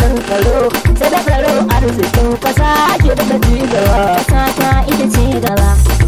fannin tsaro sai da tsaro arzikin kasa ke da gaba kasa ta ita ce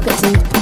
可惜。